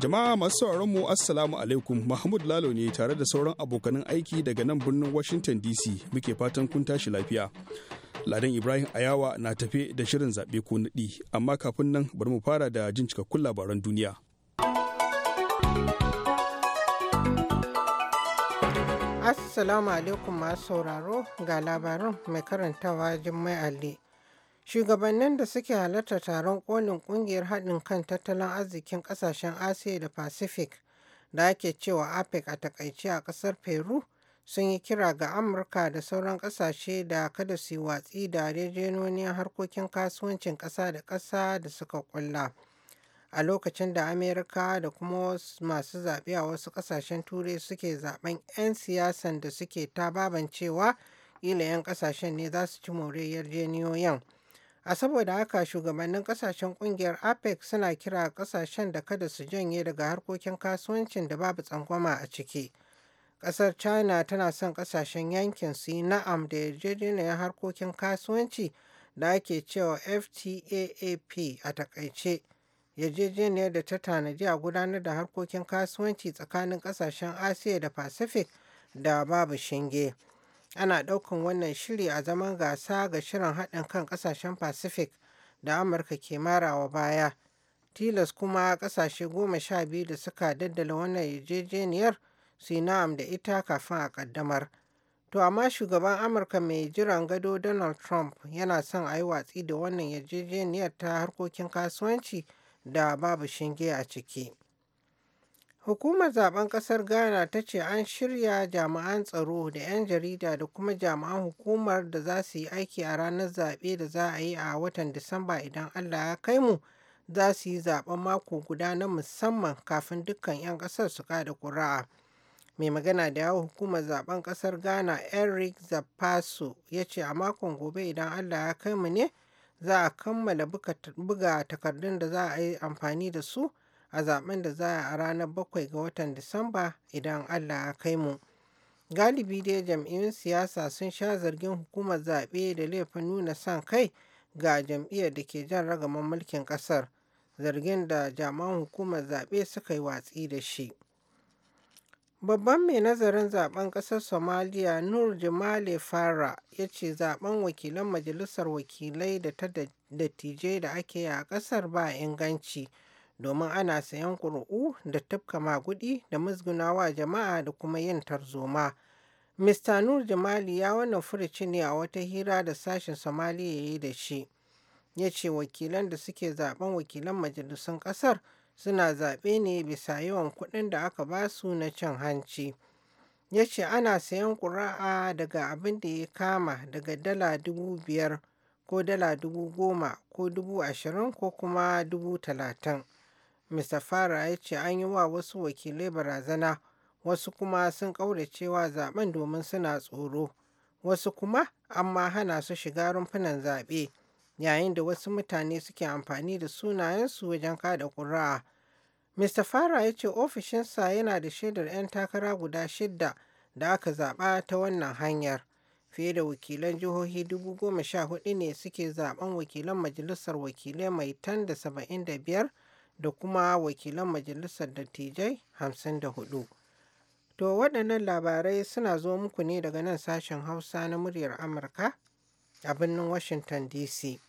Jama'a masu sauraron mu Assalamu alaikum Mahmud Lalo ne tare da sauran abokanan aiki daga nan birnin Washington DC muke fatan kun tashi lafiya. Ladan Ibrahim Ayawa na tafe da shirin zaɓe ko naɗi amma kafin nan bari mu fara da jin cikakkun labaran duniya. Assalamu alaikum masu sauraro ga labaran mai karantawa Jummai Ali. Shugabannin da suke halarta taron kolin kungiyar haɗin kan tattalin arzikin ƙasashen Asiya da Pacific da ake cewa APEC a e takaice a ƙasar Peru sun yi kira ga Amurka da sauran ƙasashe da kada su yi watsi da rejenoniyar harkokin kasuwancin ƙasa da ƙasa da suka ƙulla. A lokacin da Amerika da kuma masu zaɓe a wasu ƙasashen Turai suke zaɓen 'yan siyasan da suke ta babancewa ƙila 'yan ƙasashen ne za su ci more yarjeniyoyin A saboda haka shugabannin kasashen kungiyar APEC suna kira kasashen da kada su janye daga harkokin kasuwancin da babu tsangwama a ciki. Kasar China tana son kasashen yankin su yi na'am da yarjejeniyar harkokin kasuwanci da ake cewa FTAAP a takaice. Yarjejeniyar da ta tanadi a gudanar da harkokin kasuwanci tsakanin kasashen Asiya da Pacific da babu shinge. ana ɗaukan wannan shiri a zaman gasa ga shirin haɗin kan ƙasashen pacific da amurka ke marawa baya tilas kuma ƙasashe goma sha biyu da suka daddala wannan yarjejeniyar su yi na'am da ita kafin a ƙaddamar to amma shugaban amurka mai jiran gado donald trump yana son a yi watsi da wannan yarjejeniyar ta harkokin kasuwanci da babu shinge a ciki Hukumar zaben kasar Ghana ta ce an shirya jami'an tsaro da 'yan jarida da kuma jami'an hukumar da za su yi aiki a ranar zaɓe da za a yi a watan Disamba idan Allah ya kai mu za su yi zaben mako guda na musamman kafin dukkan 'yan ƙasar su kada ƙuri'a. Mai magana da yawon hukumar zaben ƙasar Ghana Eric Zapaso ya ce a makon gobe idan Allah ya kai mu ne za a kammala buga takardun da za a yi amfani da su. a zaben da za a a ranar bakwai ga watan Disamba idan Allah ya kai mu. Galibi dai jam'iyyun siyasa sun sha zargin hukumar zaɓe da laifin nuna son kai ga jam'iyyar da ke jan ragaman mulkin ƙasar, zargin da jaman hukumar zaɓe suka yi watsi da shi. Babban mai nazarin zaben ƙasar Somalia, Nur Jamale Fara ya ce zaben wakilan majalisar wakilai da ta dattijai da ake yi a ƙasar ba inganci domin ana sayan ƙuri'u da tafka maguɗi da musgunawa jama'a da kuma yin tarzoma. Mista Nur Jamali ya wannan furuci ne a wata hira da sashen Somaliya ya yi da shi. Ya ce wakilan da suke zaben wakilan majalisun ƙasar suna zaɓe ne bisa yawan kuɗin da aka ba su na cin hanci. Ya ce ana sayan ƙuri'a daga abin da ya kama daga dala dubu biyar ko dala dubu goma ko dubu ashirin ko kuma dubu talatin. Mr. Farah ya ce an yi wa wasu wakilai barazana, wasu kuma sun ƙauracewa zaben domin suna tsoro, wasu kuma an hana su shiga rumfunan zaɓe, yayin da wasu mutane suke amfani da sunayensu wajen kada ƙuri'a. Mr. Farah ya ce ofishinsa yana da shaidar 'yan takara guda shidda da aka zaɓa ta wannan hanyar. Fiye da wakilan jihohi dubu goma sha hudu ne suke zaben wakilan majalisar wakilai mai tan da saba'in da biyar da kuma wakilan majalisar dattijai 54. To waɗannan labarai suna zo muku ne daga nan sashen Hausa na muryar Amurka a birnin Washington DC.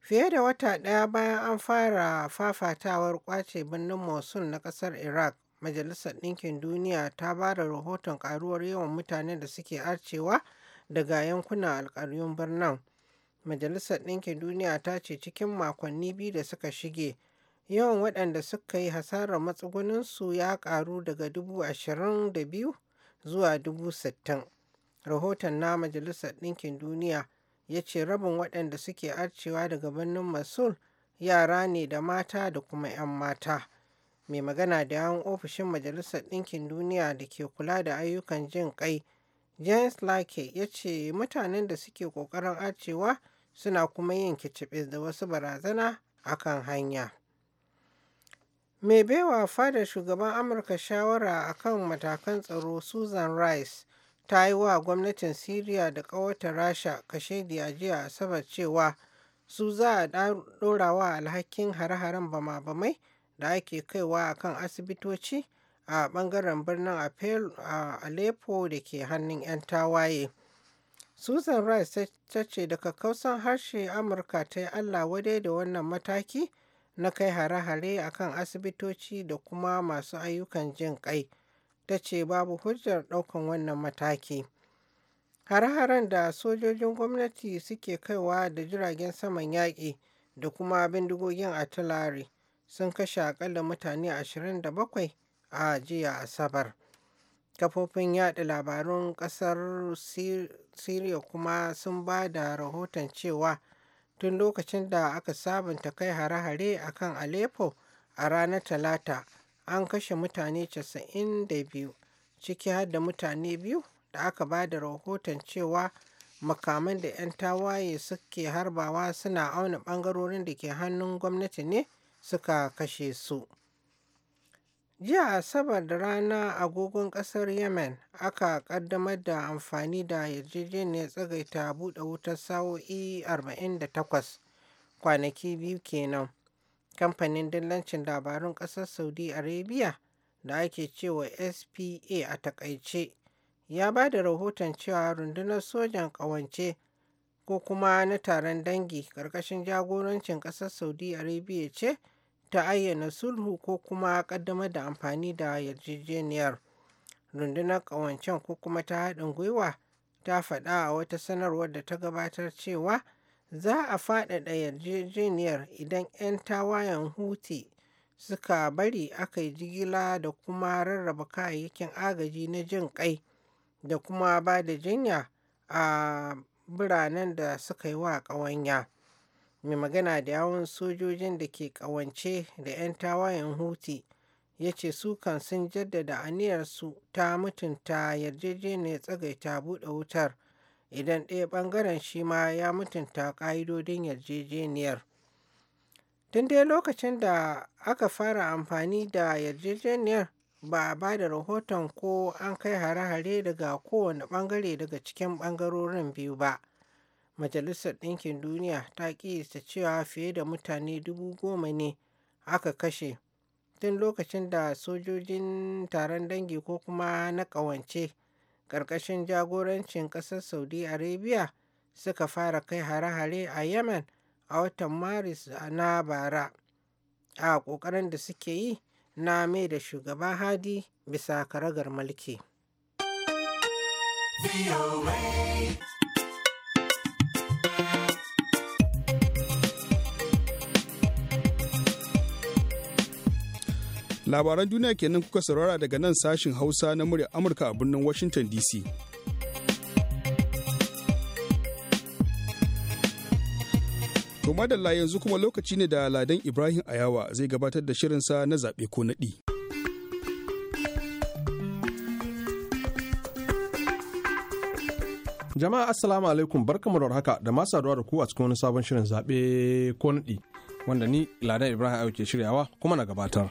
Fiye da wata ɗaya bayan an fara fafatawar ƙwace birnin Mosul na ƙasar Iraq, Majalisar Ɗinkin Duniya ta ba da rahoton ƙaruwar yawan mutanen da suke arcewa daga yankunan alƙaryun birnin. Majalisar Ɗinkin Duniya ta ce cikin makonni biyu da suka shige Yawan waɗanda suka yi hasarar matsugunansu ya ƙaru daga dubu ashirin da biyu zuwa dubu sittin. Rahoton na Majalisar Ɗinkin Duniya ya ce rabin waɗanda suke arcewa daga birnin masul yara ne da mata da kuma 'yan mata. Mai magana da yawun ofishin Majalisar Ɗinkin Duniya da ke kula da ayyukan jin kai James Lake ya ce mutanen da suke ƙoƙarin arcewa suna kuma yin kicibis da wasu barazana akan hanya. Mai baiwa fadar shugaban Amurka shawara a kan matakan tsaro Susan Rice ta yi wa gwamnatin Siriya da ƙawarta Rasha kashe a jiya Asabar cewa su za a wa alhakin hare-haren bama-bamai da ake kaiwa a kan asibitoci a ɓangaren birnin Aleppo da ke hannun 'yan tawaye. Susan Rice ta ce daga kausan harshe Amurka ta yi Allah wadai da wannan mataki. na kai hare-hare a kan asibitoci da kuma masu ayyukan jin ƙai ta ce babu hujjar ɗaukan wannan mataki hare-haren da sojojin gwamnati suke kaiwa da jiragen saman yaƙi da kuma bindigogin artillery sun kashe akalla mutane 27 a jiya asabar kafofin yaɗa labarun ƙasar syria kuma sun ba da rahoton cewa tun lokacin da aka sabunta kai hare-hare a kan Aleppo a ranar Talata an kashe mutane 92 ciki har da mutane biyu da aka ba da rahoton cewa makaman da 'yan tawaye suke harbawa suna auna bangarorin da ke hannun gwamnati ne suka kashe su. Jiya Asabar da rana agogon ƙasar Yemen aka ƙaddamar da amfani da yarjejeniyar tsagaita buɗe wutar sa'o'i 48, kwanaki biyu kenan. Kamfanin dillancin labarun ƙasar Saudi Arabia da ake cewa SPA a takaice ya ba da rahoton cewa rundunar sojan ƙawance ko kuma na taron dangi ƙarƙashin jagorancin ƙasar Saudi Arabia ce ta ayyana sulhu ko kuma ƙaddamar da amfani da yarjejeniyar. Rundunar ƙawancen ko kuma ta haɗin gwiwa ta faɗa a wata sanarwar da ta gabatar cewa za a faɗaɗa yarjejeniyar idan 'yan tawayen huti suka bari aka yi jigila da kuma rarraba kayayyakin agaji na jin ƙai da kuma ba da jinya a biranen da suka yi wa ƙawanya. mai magana da yawon sojojin da ke ƙawance da 'yan tawayen huti ya ce su kan sun jaddada aniyarsu ta mutunta yarjejeniyar tsagaita buɗe wutar idan ɗaya ɓangaren shi ma ya mutunta ƙa'idodin yarjejeniyar tun dai lokacin da aka fara amfani da yarjejeniyar ba a ba da rahoton ko an kai hare-hare daga kowane ɓangare daga cikin ɓangarorin biyu ba. majalisar ɗinkin duniya ta ƙiyasta cewa fiye da mutane dubu goma ne aka kashe tun lokacin da sojojin taron dangi ko kuma na ƙawance ƙarƙashin jagorancin ƙasar saudi arabia suka fara kai hare-hare a yemen a watan maris na bara a ƙoƙarin da suke yi na mai da shugaba hadi bisa karagar mulki. Labaran duniya kenan kuka saurara daga nan sashin Hausa na murya Amurka a birnin Washington DC. To madalla yanzu kuma lokaci ne da Ladan Ibrahim Ayawa zai gabatar da shirinsa na zaɓe ko naɗi. Jama'a Assalamu alaikum barkamu da haka da masu saduwa da ku a cikin wani sabon shirin zaɓe ko naɗi wanda ni Ladan Ibrahim Ayo ke shiryawa kuma na gabatar.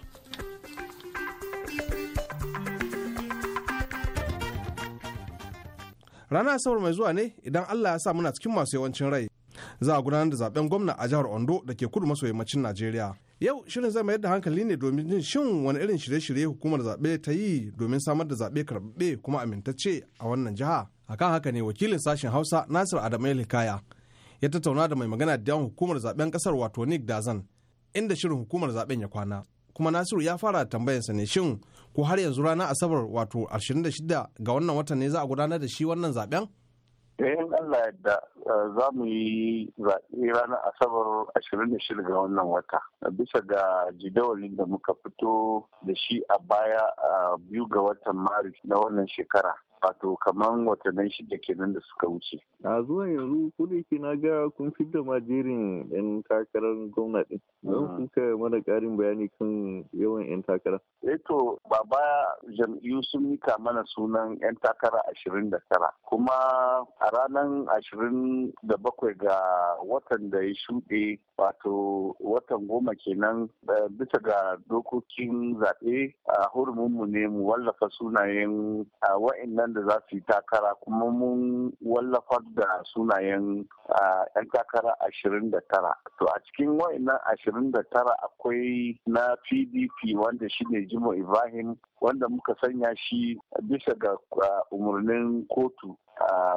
Rana Asabar mai zuwa ne idan Allah ya sa muna cikin masu yawancin rai za a gudanar da zaben gwamna a jihar Ondo da ke kudu maso yammacin Najeriya. Yau shirin zai mayar da hankali ne domin jin shin wani irin shirye-shirye hukumar zaɓe ta yi domin samar da zaɓe karɓe kuma amintacce a wannan jiha. a kan haka ne wakilin sashen hausa nasir adamu hikaya ya tattauna da mai magana da yawan hukumar zaben kasar wato nick dazan inda shirin hukumar zaben ya kwana kuma nasiru ya fara tambayarsa ne shin ko har yanzu ranar asabar wato 26 ga wannan watan ne za a gudanar da shi wannan zaben eh, in Allah yadda eh, za mu yi zaɓe ranar Asabar 26 ga wannan wata. Bisa ga jidawalin da muka fito da shi a baya a biyu ga watan Maris na wannan shekara. wato kamar watannin shida kenan da suka wuce. A zuwa yanzu ko da na ga kun fidda ma jerin 'yan takarar gwamna ɗin. Zan mm. kuka mana karin bayani kan yawan 'yan takara. Eto eh baba jam'iyyu sun mika mana sunan 'yan takara ashirin da tara. Kuma a ranar ashirin da bakwai ga watan da ya shuɗe wato watan goma kenan eh, bisa ga dokokin zaɓe a hurumin mu ne mu wallafa sunayen wa'in nan wanda za su yi takara kuma mun wallafar da sunayen 'yan takara ashirin da tara to a cikin wayannan ashirin da tara akwai na pdp wanda shine jimo ibrahim wanda muka sanya shi bisa ga umarnin kotu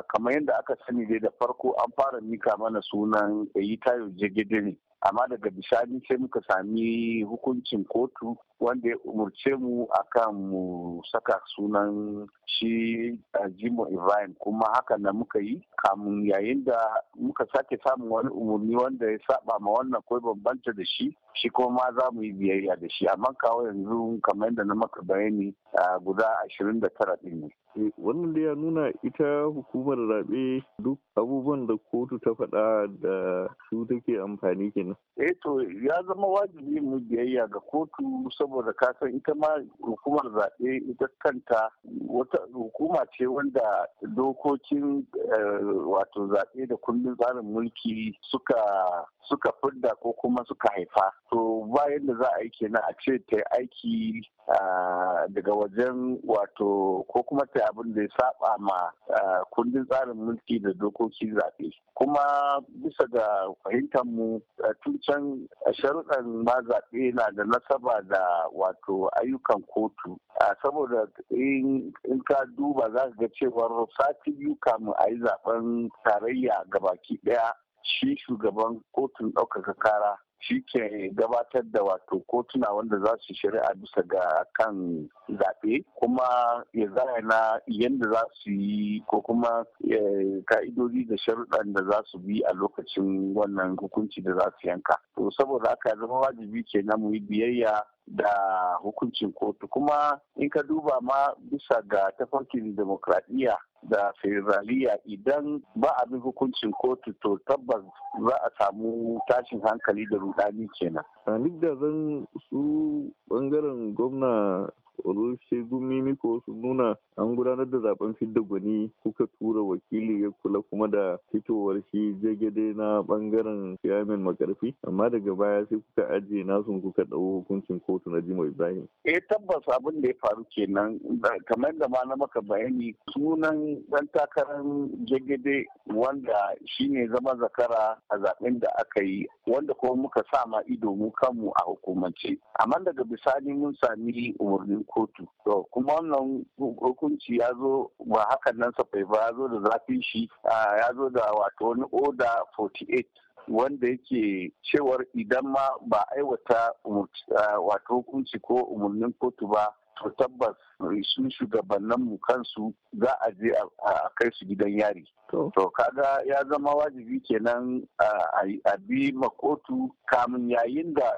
kamar yadda aka sani dai da farko an fara mika mana sunan tayo ne amma daga bishani sai muka sami hukuncin kotu wanda ya umarce mu akan mu saka sunan shi eh, jimo ibrahim kuma haka na muka yi kamun yayin da muka sake samun wani umarni wanda ya saba ma wannan kawai bambanta da shi shi kuma ma za mu yi biyayya da shi amma kawo yanzu kamar yadda na maka bayani eh, guda ashirin da tara ne zaɓe eh, wannan da ya nuna ita hukumar zaɓe duk abubuwan da kotu ta faɗa da su take amfani kenan. eh to ya zama wajibi mu biyayya ga kotu saboda kasan ita ma hukumar zaɓe ita kanta wata hukuma ce wanda dokokin eh, wato zaɓe da kundin tsarin mulki suka suka fidda ko kuma suka haifa to bayan da za a yi kenan a ce ta aiki daga wajen wato ko kuma ta abin da ya saba ma kundin tsarin mulki da dokoki zaɓe kuma bisa ga fahimtar mu tun can sharuɗan ma zaɓe na da nasaba da wato ayyukan kotu saboda in ka duba za ka ga cewar sati biyu kamun a yi zaben tarayya gabaki ɗaya shi shugaban kotun ɗaukaka kara shi ke gabatar da wato kotuna wanda za su shari'a bisa ga kan zaɓe kuma ya zaya na yadda za su yi ko kuma eh, ka'idodi da sharuɗan da za su bi a lokacin wannan hukunci da za su yanka to saboda aka zama wajibi ke na mu biyayya da hukuncin kotu kuma in ka duba ma bisa ga tafarkin demokradiyya da federaliya idan ba a bin hukuncin kotu to tabbas za a samu tashin hankali da rudani kenan. duk da zan su bangaren gwamna olusegun mimiko sun nuna an gudanar da zaben fidda gwani kuka tura wakili ya kula kuma da fitowar shi jagede na bangaren siyamin makarfi amma daga baya sai kuka ajiye nasu kuka ɗau hukuncin kotu na jimo ibrahim eh tabbas abin da ya faru kenan kamar da ma na maka bayani sunan dan takarar jagede wanda shine zama zakara a zaben da aka yi wanda kuma muka sa ma ido mu kanmu a hukumance amma daga bisani mun sami umarni kotu to kuma wannan hukunci ya zo ba hakan nan safai ba ya zo da zafin shi ya zo da wato wani oda 48 wanda yake cewar idan ma ba aiwata wato hukunci ko umarnin kotu ba to tabbas su shugabannin mu kansu za a je a kai su gidan yari to kaga ya zama wajibi kenan a bi makotu kamun yayin da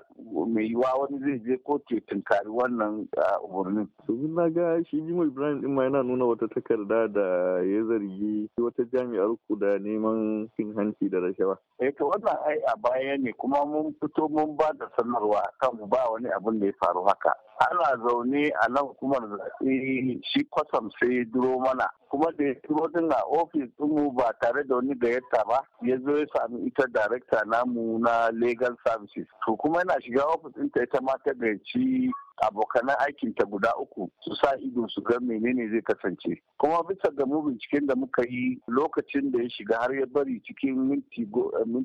mai yiwa wani zai je kotu ya tunkari wannan umarnin domin na ga shi jimo ibrahim din ma yana nuna wata takarda da ya zargi wata jami'ar ku da neman cin hanci da rashawa eh to wannan ai a baya ne kuma mun fito mun ba da sanarwa kan ba wani abin da ya faru haka ana zaune a nan hukumar Eh, shi kwasam sai ya duro mana kuma da ya duro din a ofis mu ba tare da wani gayyata ba ya zo ya sami ita director namu na legal services to kuma yana shiga ofis ɗinta ita ma ta gayyaci abokanan aikin ta guda uku su sa ido su ga menene zai kasance kuma bisa ga mu binciken da muka yi lokacin da ya shiga har ya bari cikin minti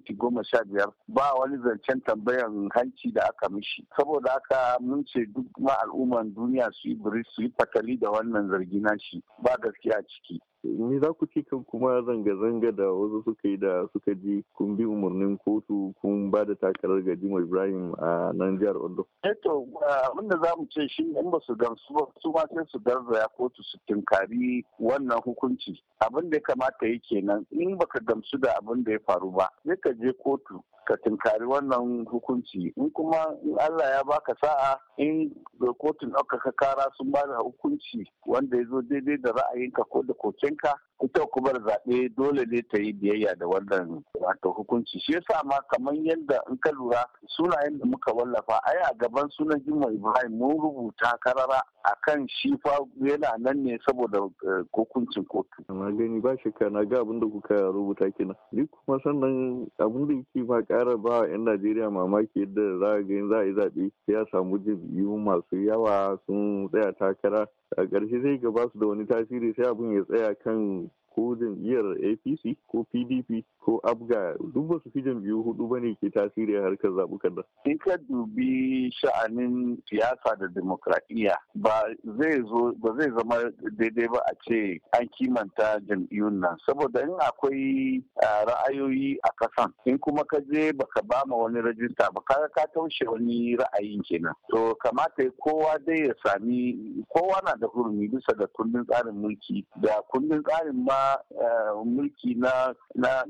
eh, goma sha biyar ba wani zancen tambayan hanci da aka mishi saboda haka mun ce duk ma al'umman duniya su yi biri su yi fatali da wannan zargi na shi ba gaskiya ciki ni za ku ce kan kuma zanga-zanga da wasu suka yi da suka ji kun bi umarnin kotu kun ba da takarar ga Jimo Ibrahim a nan jihar Ondo. Eto eh abin da za mu ce shi in ba su gamsu ba su ma sai su garzaya kotu su tinkari wannan hukunci abinda ya kamata yake nan in baka gamsu da abin da ya faru ba sai ka je kotu ka tunkari wannan hukunci in kuma in Allah ya baka sa'a in da kotun ɗaukaka kara sun ba da hukunci wanda ya zo daidai da ra'ayinka ko da kokenka ita kubar zaɓe dole ne ta yi biyayya da wannan wato hukunci shi yasa ma kamar yadda in ka lura sunayen da muka wallafa ai a gaban sunan jimma ibrahim mun rubuta karara akan shi fa yana nan ne saboda eh, hukuncin kotu na gani ba shi kana ga abin da kuka rubuta kenan ni kuma sannan abin da yake ba ƙara ba yan najeriya mamaki yadda za a ga za a yi zaɓe ya samu jibiyu masu yawa sun tsaya takara a ƙarshe zai gaba ba su da wani tasiri sai abin ya tsaya kan ko jam'iyyar apc ko pdp ko abga duk ba su fi jam'iyyu hudu ba ne ke tasiri a harkar zaɓukan da. in ka dubi sha'anin siyasa da demokradiyya ba zai zo ba zai zama daidai ba a ce an kimanta jam'iyyun nan saboda in akwai ra'ayoyi a kasan in kuma ka je baka ba ma wani rajista ba kaga ka taushe wani ra'ayin kenan to kamata kowa dai ya sami kowa na da hurumi bisa da kundin tsarin mulki da kundin tsarin ma Eh, mulki na na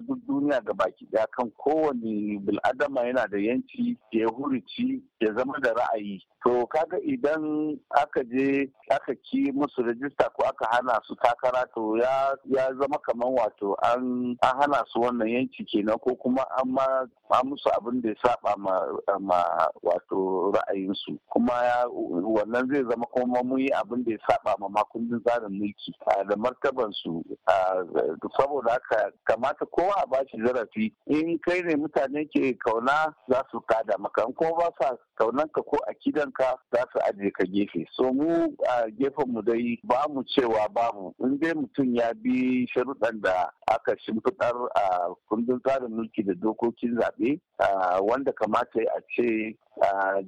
duk duniya ga baki daya kan kowane bil'adama yana da yanci ya hurici ya zama da ra'ayi to kaga idan aka je aka ki musu rajista ko aka hana su takara to ya zama kamar wato an hana su wannan yanci kenan ko kuma an ma musu abin da ya saba ma wato ra'ayinsu kuma wannan zai zama kuma mun yi abin da ya saba ma makundin tsarin mulki da martaba martabansu saboda haka kamata kowa a bashi zarafi in kai ne mutane ke kauna za su kada maka in kuma ba sa kaunan ka ko akidan ka za su aje ka gefe so mu a gefen mu dai ba mu cewa babu in dai mutum ya bi sharuɗan da aka shimfiɗar a kundin tsarin mulki da dokokin zaɓe wanda kamata a ce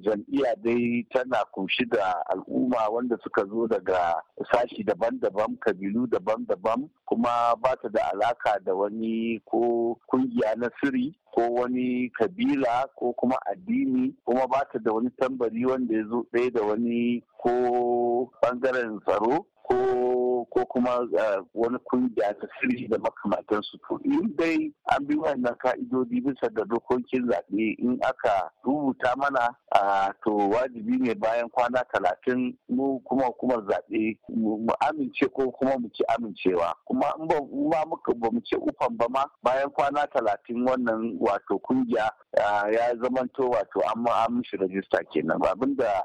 jam'iyya dai tana kunshi da al'umma wanda suka zo daga sashi daban-daban kabilu daban-daban kuma ba ta da alaka da wani ko kungiya na siri ko wani kabila ko kuma addini kuma ba ta da wani tambari wanda ya zo ɗaya da wani ko ɓangaren tsaro ko kuma eh, wani kungiya ta sirri da su to in dai an bi wannan ka'idodi bisa da dokokin zaɓe in aka rubuta mana to wajibi ne bayan kwana talatin mu kuma kuma zaɓe mu amince ko kuma mu ci amincewa kuma in ba muka ba mu ce ufan ba ma bayan kwana talatin wannan wato kungiya ya zamanto wato an ma mishi rajista kenan abinda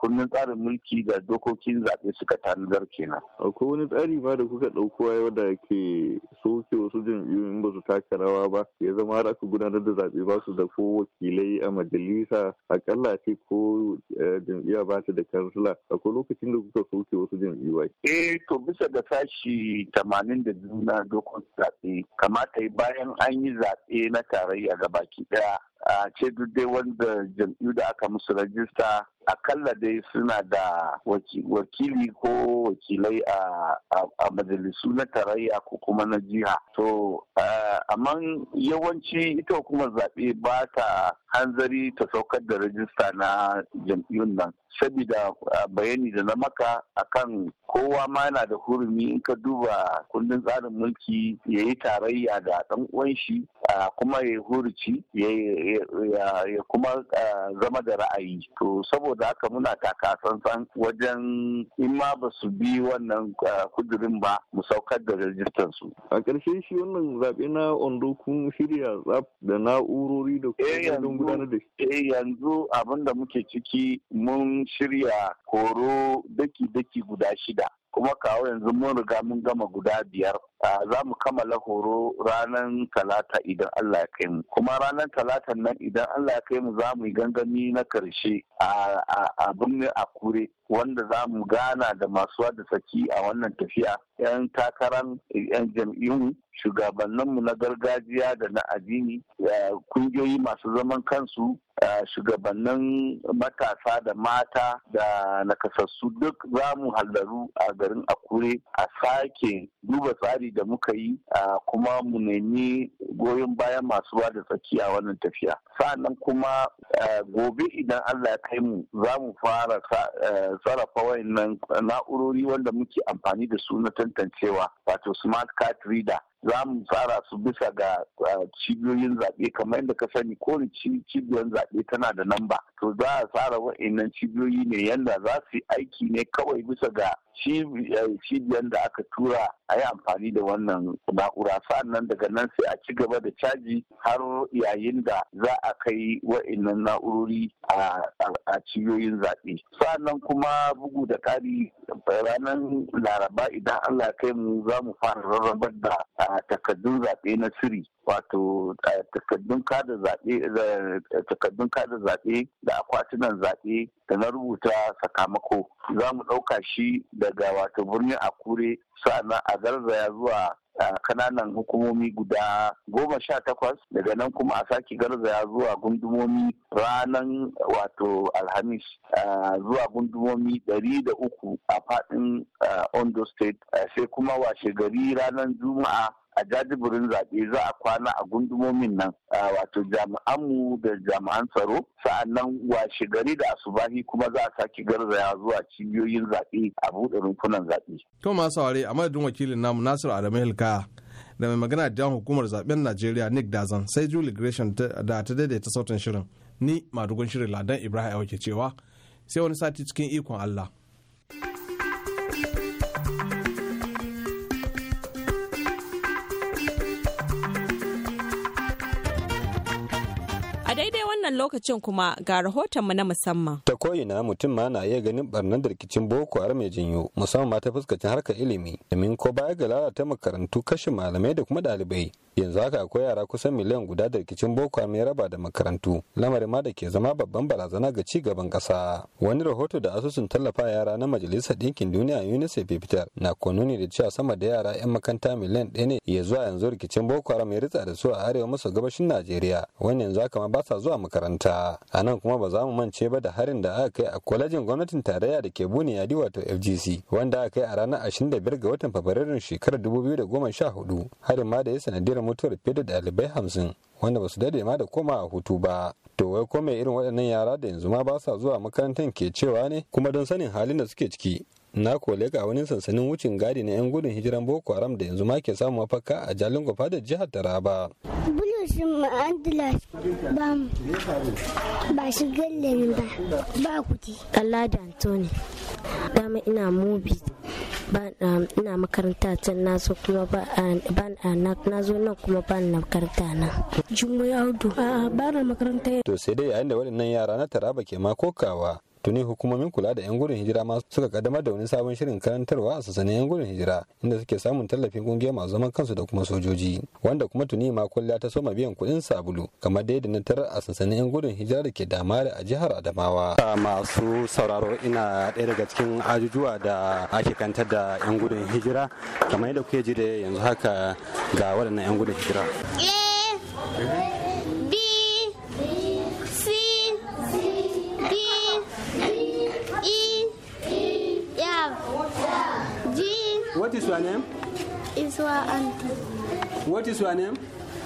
kundin tsarin mulki da dokokin zaɓe suka tanadar kenan. Akwai wani tsari ba da kuka ɗauko yau da ke soke wasu jam'iyyu in ba su taka rawa ba ya zama har aka gudanar da zaɓe ba su da ko wakilai a majalisa akalla ce ko eh, jam'iyya ba ta da kansila akwai lokacin da kuka soke wasu jam'iyyu ba. Eh to bisa ga sashi tamanin da biyu na dokokin zaɓe kamata bayan an yi zaɓe na tarayya ga baki ɗaya a ce duk dai wanda jam'iyyu da aka musu rajista akalla dai suna da wakili ko wakilai a majalisu na tarayya ko kuma na jiha to amma yawanci ita hukumar zaɓe ba ta hanzari ta saukar da rajista na jam'iyyun nan saboda ah, bayani da na maka akan kowa ma yana da hurumi in ka duba kundin tsarin mulki ya yi tarayya da ɗan uwan shi ah, kuma ya hurci ya kuma ah, zama da ra'ayi to saboda haka muna taka tsantsan wajen in ma ba su bi wannan kudurin ba mu saukar da rajistan su a ƙarshe shi wannan zaɓe na ondo kun shirya tsaf da na'urori da kuma eh, gudanar da shi eh, yanzu abin da muke ciki mun shirya horo daki-daki guda shida kuma kawo yanzu mun riga mun gama guda biyar za mu kammala horo ranar talata idan Allah ya kai mu kuma ranar talata nan idan Allah ya kai mu za mu yi gangami na karshe a birnin akure wanda za mu gana da masu da saki a wannan tafiya yan takarar yan jam'iyyun shugabanninmu na gargajiya da na addini kungiyoyi masu zaman kansu shugabannin matasa da mata da nakasassu duk za mu hallaru a garin akure a sake duba tsari da muka yi kuma mu nemi goyon bayan masu ba da tsaki a wannan tafiya sa'annan kuma gobe idan allah ya kai mu za mu fara sarrafa wayannan na'urori wanda muke amfani da su na tantancewa wato smart card reader za mu tsara su bisa ga cibiyoyin zaɓe kamar yadda ka sani kowane cibiyoyin zaɓe tana da namba to za a tsara wa'annan cibiyoyi ne yadda za su yi aiki ne kawai bisa ga cibiyar da aka tura a yi amfani da wannan na'ura sa'annan daga nan sai a ci gaba da caji har yayin da za a kai wa'innan na'urori a cibiyoyin zaɓe sa'annan kuma bugu da ƙari ranar laraba idan allah kai mu za mu fara rarrabar da takardun zaɓe na siri wato takardun kada zaɓe da akwatunan zaɓe da na rubuta sakamako za mu ɗauka shi da daga wato birnin akure sa'annan a garzaya zuwa a kananan hukumomi guda goma sha takwas daga nan kuma a sake garzaya zuwa gundumomi ranar wato alhamis zuwa gundumomi ɗari da uku a faɗin ondo state sai kuma washe gari ranar juma'a a jajibirin zaɓe za a kwana a gundumomin nan wato jami'anmu da jami'an tsaro sa'annan washe gari da asubahi kuma za a sake garzaya zuwa cibiyoyin zaɓe a buɗe rumfunan zaɓe. to masu ware a madadin wakilin namu nasiru adamu hilka da mai magana da hukumar zaɓen najeriya nick dazan sai julie gresham da ta daidaita sautin shirin ni madugun shirin ladan ibrahim wake cewa sai wani sati cikin ikon allah. wannan lokacin kuma ga rahotonmu na musamman. Ta ina mutum ma na iya ganin barnar da rikicin Boko har mai jinyo musamman ma ta fuskacin harkar ilimi domin ko baya ga lalata makarantu kashe malamai da kuma ɗalibai. Yanzu haka akwai yara kusan miliyan guda da rikicin Boko har mai raba da makarantu lamarin ma da ke zama babban barazana ga ci gaban ƙasa. Wani rahoto da asusun tallafa yara na Majalisar Ɗinkin Duniya UNICEF ya fitar na konuni da cewa sama da yara 'yan makaranta miliyan ɗaya ne ya zuwa yanzu rikicin Boko Haram ya ritsa da su a arewa maso gabashin Najeriya. wani yanzu haka ma ba sa zuwa makaranta. makaranta a nan kuma ba za mu mance ba da harin da aka kai a kwalejin gwamnatin tarayya da ke buni yadi wato fgc wanda aka kai a ranar 25 ga watan fabrairun shekarar 2014 harin ma da ya sanadiyar mutuwar fiye da dalibai hamsin wanda ba su dade ma da koma a hutu ba to wai ko mai irin waɗannan yara da yanzu ma ba sa zuwa makarantar ke cewa ne kuma don sanin halin da suke ciki na kole a wani sansanin wucin gadi na 'yan gudun hijiran boko haram da yanzu make ke samun mafaka a jalin gwafa da jihar taraba bulus ma'andilas ba ba shigar lemin ba ba kudi kalla da antoni dama ina ba um, ina makaranta can na zo kuma ba um, um, na zo nan kuma ba na makaranta na. Jummai a ba na makaranta. To sai dai yayin da waɗannan yara na Taraba ke makokawa. tuni hukumomin kula da 'yan gudun hijira ma suka kaddamar da wani sabon shirin karantarwa a sassanin 'yan gudun hijira inda suke samun tallafin kungiyar masu zaman kansu da kuma sojoji wanda kuma tuni ma kulla ta soma biyan kuɗin sabulu kamar da yadda na tarar a sassanin 'yan gudun hijira da ke damare a jihar adamawa. Ah, masu sauraro ina ɗaya daga cikin ajujuwa da ake kantar da 'yan gudun hijira kamar yadda kuke ji da yanzu haka ga waɗannan 'yan gudun hijira. Eh, is your name? Iswa Anto. What is your name?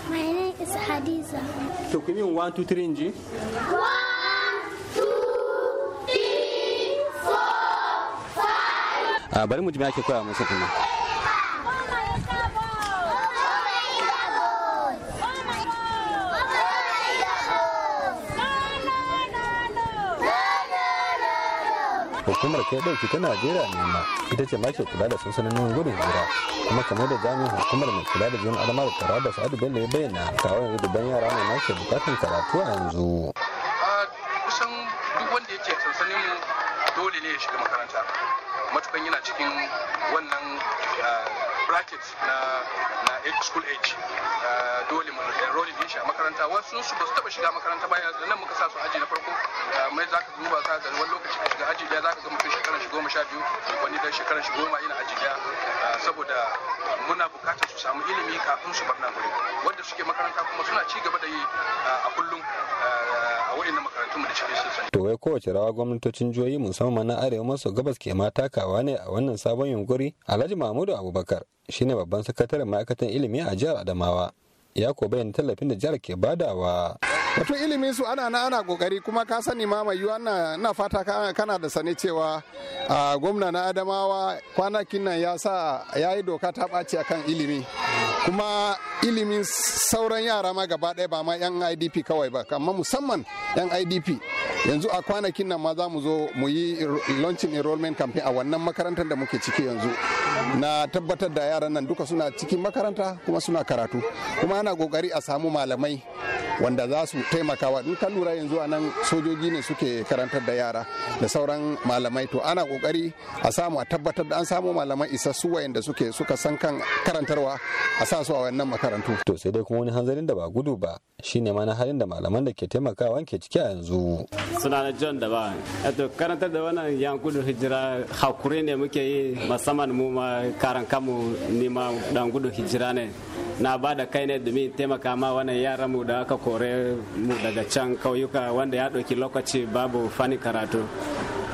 My name is Hadiza. So can you one, two, three, ah, bari mu ji ake koya musu kuma hukumar kai dauki ta najeriya ne ma ita ce mace kula da sansanonin gudun hijira kuma kamar da jami'in hukumar mai kula da jiyon adama da tara da sa'adu bello ya bayyana ta wani dubban yara ne mace bukatun bukatan karatu a yanzu. kusan duk wanda yake sansanin mu dole ne ya shiga makaranta matukan yana cikin wannan bracket na na school age ah, dole mu enrolling din shi a makaranta wasu su ba su taba shiga makaranta ba yanzu nan muka sa su aji na farko ah, mai za ka duba za da wani lokaci ka shiga aji da za ka ga mutum shekaran shi goma sha biyu wani dan shekaran shi goma yana aji daya ah, saboda muna bukatar su samu ilimi kafin su barna wanda suke makaranta kuma suna ci gaba da yi a kullum a wayannan makarantun da shirye sun To wai kowace rawa gwamnatocin jihohi musamman na arewa maso gabas ke ma takawa ne a wannan sabon yunkuri Alhaji Mahmudu Abubakar shine babban sakataren ma'aikatan ilimi a jihar Adamawa. Ya ko bayyana tallafin da jihar ke badawa. wato ilimin su ana ana kokari kuma ka sani ma mai yiwuwa na fata kana da sane cewa gwamna na adamawa kwanakin nan ya sa ya yi doka ta ɓaci kan ilimi kuma ilimin sauran yara ma gaba ɗaya ba ma yan idp kawai ba kamar musamman yan idp yanzu a kwanakin nan ma za mu zo mu yi launching enrollment campaign a wannan makarantar da muke ciki yanzu na tabbatar da yaran nan duka suna cikin makaranta kuma suna karatu kuma ana kokari a samu malamai wanda za su taimakawa in ka lura yanzu a nan sojoji ne suke karantar da yara da sauran malamai to ana kokari a samu a tabbatar da an samu malamai isassu wayanda suke suka san kan karantarwa a sa su a wannan makarantu to sai dai kuma wani hanzarin da ba gudu ba shine ma na halin da malaman da ke taimakawa ke ciki a yanzu suna na john da ba to karantar da wannan yankunan hijira hakuri ne muke yi musamman mu ma karan kamu nima dan gudun hijira ne na ba da kai ne domin taimaka ma wannan yaran mu da aka kore mu daga can kauyuka wanda ya ɗauki lokaci babu fani karatu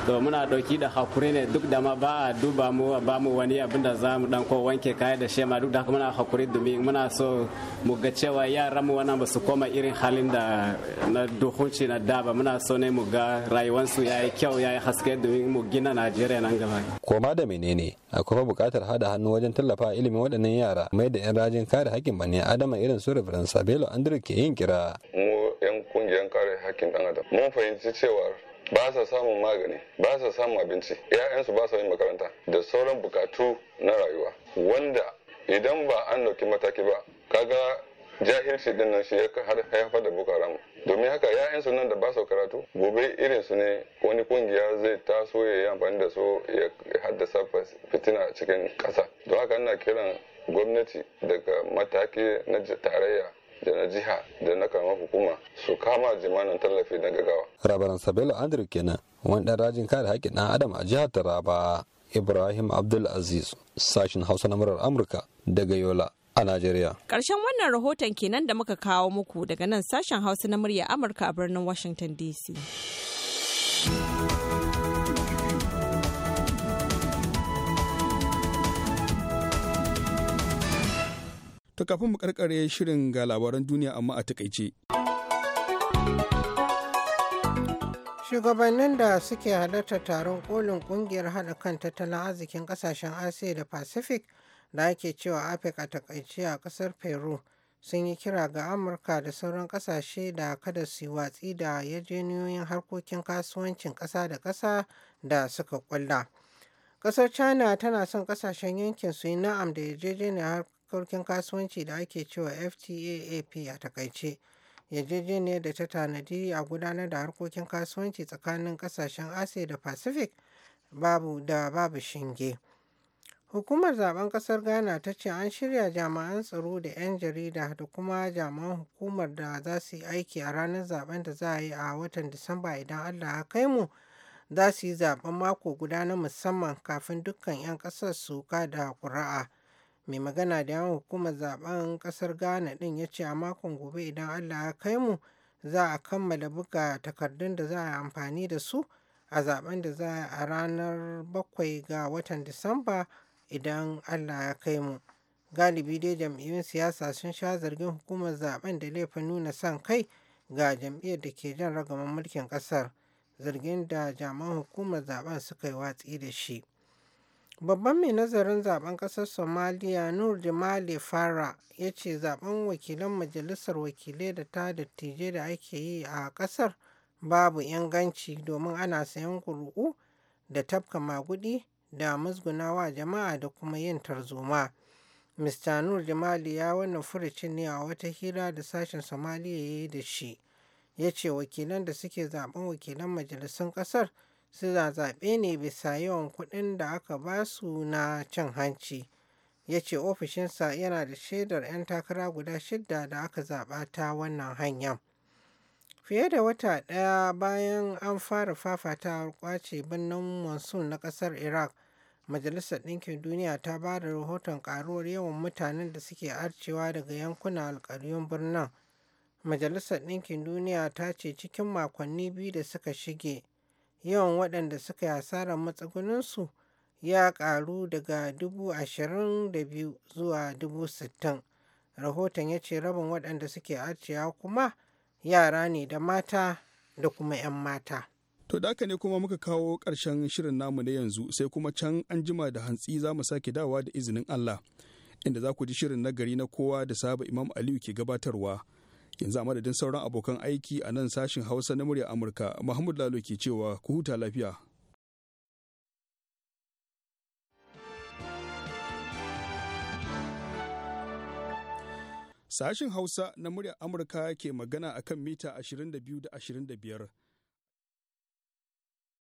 to muna dauki da hakuri ne duk da ma ba a duba mu ba mu wani abin da za mu dan ko wanke kaya da shema duk da muna hakuri domin muna so mu ga cewa yaran mu wannan ba su koma irin halin da na duhunci na da ba muna so ne mu ga rayuwarsu yayi kyau yayi haske domin mu gina Najeriya nan gaba koma da menene akwai buƙatar hada hannu wajen tallafa ilimin waɗannan yara mai da 'yan rajin kare haƙƙin bani adama irin su Reverend Sabelo Andrew ke yin kira mu 'yan kungiyar kare haƙƙin ɗan adam mun fahimci cewa ba sa samun magani ba sa samun abinci 'ya'yansu ba sa yin makaranta da sauran bukatu na rayuwa wanda idan ba an ɗauki mataki ba kaga jahilci din nan shi ya haifar da boko haram domin haka ya'yansu nan da ba su karatu gobe irinsu ne wani kungiya zai taso ya yi amfani da su ya haddasa fitina cikin ƙasa don haka ana kiran gwamnati daga mataki na tarayya da na jiha da na kama hukuma su kama jimanin tallafi na gagawa. Rabaran Sabelo Andrew kenan wani ɗan rajin kare haƙƙin ɗan Adam a jihar Taraba Ibrahim Abdulaziz sashin Hausa na murar Amurka daga Yola. a Najeriya. Ƙarshen wannan rahoton kenan da muka kawo muku daga nan sashen Hausa na murya Amurka a birnin Washington DC. To kafin mu karkare shirin ga labaran duniya amma a takaice. Shugabannin da suke halartar taron kolin kungiyar haɗa kan tattalin arzikin ƙasashen Asiya da Pacific da ake cewa afirka a takaice a ƙasar Peru sun yi kira ga Amurka da sauran ƙasashe da kada su yi watsi da yajeniyoyin harkokin kasuwancin ƙasa da ƙasa da suka ƙulla. Ƙasar China tana son ƙasashen yankin su yi na'am da yajeniyar harkokin kasuwanci da ake cewa FTAAP a takaice. Yarjejeniyar da ta tanadi a gudanar da harkokin kasuwanci tsakanin kasashen Asia da Pacific babu da babu shinge. Hukumar zaben kasar Ghana ta ce an shirya jami'an tsaro da 'yan jarida da kuma jami'an hukumar da za su yi aiki a ranar zaben da za a yi a watan Disamba idan Allah ya kai mu za su yi zaben mako guda na musamman kafin dukkan 'yan kasar su da ƙuri'a. mai magana da yawan hukumar zaben kasar ghana din ya ce a makon gobe idan allah ya kai mu za a kammala buga takardun da za a amfani da su a zaben da za a ranar bakwai ga watan disamba idan allah ya kai mu galibi dai jam'iyyun siyasa sun sha zargin hukumar zaben da laifin nuna son kai ga jam'iyyar da ke jan ragaman mulkin kasar zargin da jaman hukumar zaben suka yi watsi da shi Babban mai nazarin zaben ƙasar Somaliya Noor Jumaale fara ya ce zaben wakilan majalisar wakilai da ta dattijai da ake yi a ƙasar babu inganci domin ana sayan kuru'u da tafka magudi da musgunawa jama'a da kuma yin tarzoma. Mr. Noor Jumaale ya wannan furucin ne a wata hira da sashen Somaliya ya yi da shi. Ya ce wakilan da suke zaben wakilan majalisun ƙasar su zaɓe ne bisa yawan kuɗin da aka ba su na cin hanci. Ya ce ofishinsa yana da shaidar 'yan takara guda shidda da aka zaɓa ta wannan hanyar. Fiye da wata ɗaya bayan an fara fafata ƙwace birnin Monsun na ƙasar Iraq, Majalisar Ɗinkin Duniya ta ba da rahoton ƙaruwar yawan mutanen da suke arcewa daga yankunan alƙaryun birnin. Majalisar Ɗinkin Duniya ta ce cikin makonni biyu da suka shige, yawan waɗanda suka yi asarar matsugunansu ya ƙaru daga dubu ashirin da biyu zuwa dubu rahoton ya ce rabin waɗanda suke ajiya kuma yara ne da mata da kuma 'yan mata To da ne kuma muka kawo ƙarshen shirin namu na yanzu sai kuma can an jima da hantsi za mu sake dawa da izinin Allah inda za ku ji shirin nagari na kowa da saba Imam Aliyu ke gabatarwa. yanzu a madadin sauran abokan aiki a nan sashin hausa na murya amurka mahmud lalo ke cewa ku huta lafiya sashin hausa na murya amurka ke magana akan mita 22 da 25